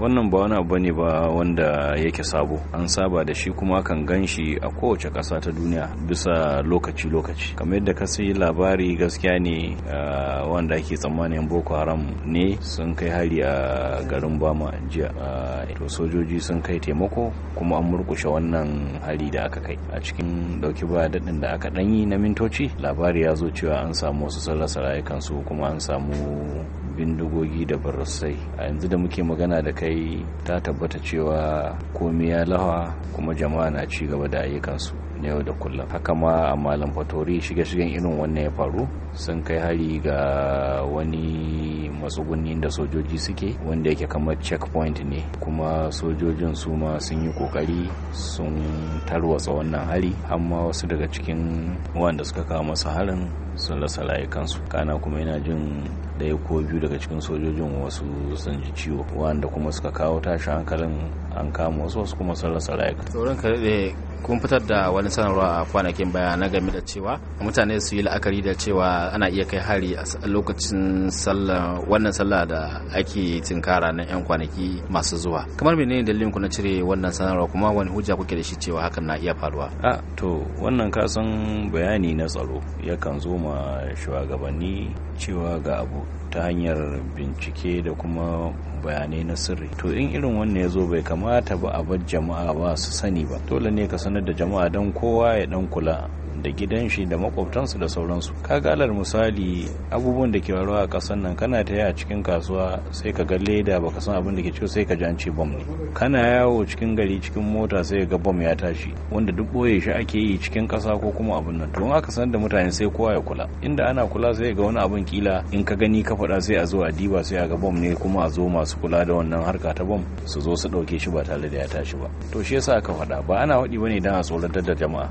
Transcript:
wannan ba wani abu ne ba wanda yake sabo an saba da shi kuma kan gan shi a kowace ƙasa ta duniya bisa lokaci-lokaci kamar yadda ka sai labari gaskiya ne ah, wanda ake tsammanin boko haram ne sun kai hari a garin bama jiya ah, to sojoji sun kai taimako kuma an murkushe wannan hari da aka kai a cikin dauki ba daɗin da aka ɗanyi na mintoci labari ya zo cewa an samu wasu sarrasa rasa rayukansu kuma an samu bindigogi da barasai a yanzu da muke magana da kai ta tabbata cewa komi ya lawa kuma jama'a na ci gaba da ayyukansu na yau da kullum haka ma a malam fatori shige-shigen irin wannan ya faru sun kai hari ga wani matsugunnin da sojoji suke wanda yake kamar checkpoint ne kuma sojojin su ma sun yi kokari sun tarwatsa wannan hari amma wasu daga cikin wanda suka kawo masa harin sun rasa layukansu kana kuma yana jin ɗaya ko biyu daga cikin sojojin wasu sun ji ciwo wanda kuma suka kawo tashin hankalin an kama wasu wasu kuma sun rasa layuka ka kun fitar da wani sanarwa a kwanakin baya na game da cewa mutane su yi la'akari da cewa ana iya kai hari a lokacin wannan sallah da ake tinkara na 'yan kwanaki masu zuwa kamar menene dalilin ku na cire wannan sanarwa kuma wani hujja kuke da shi cewa hakan na iya faruwa a to wannan kasan bayani na tsaro yakan zo ma shugabanni cewa ga abu ta hanyar bincike da kuma bayanai na sirri to in irin wannan ya zo bai kamata ba a bar jama'a ba su sani ba dole ne ka sanar da jama'a don kowa ya dan kula da gidan shi da makwabtansu da sauransu kagalar misali abubuwan da ke faruwa a ƙasar nan kana ta a cikin kasuwa sai ka ga leda baka san abin da ke ciwo sai ka ji an ce bom ne kana yawo cikin gari cikin mota sai ga bom ya tashi wanda duk boye shi ake yi cikin ƙasa ko kuma abin nan to in aka san da mutane sai kowa ya kula inda ana kula sai ga wani abin kila in ka gani ka faɗa sai a zo a diba sai a ga bom ne kuma a zo masu kula da wannan harka ta bom su zo su ɗauke shi ba tare da ya tashi ba to shi yasa aka faɗa ba ana faɗi bane dan a tsoratar da jama'a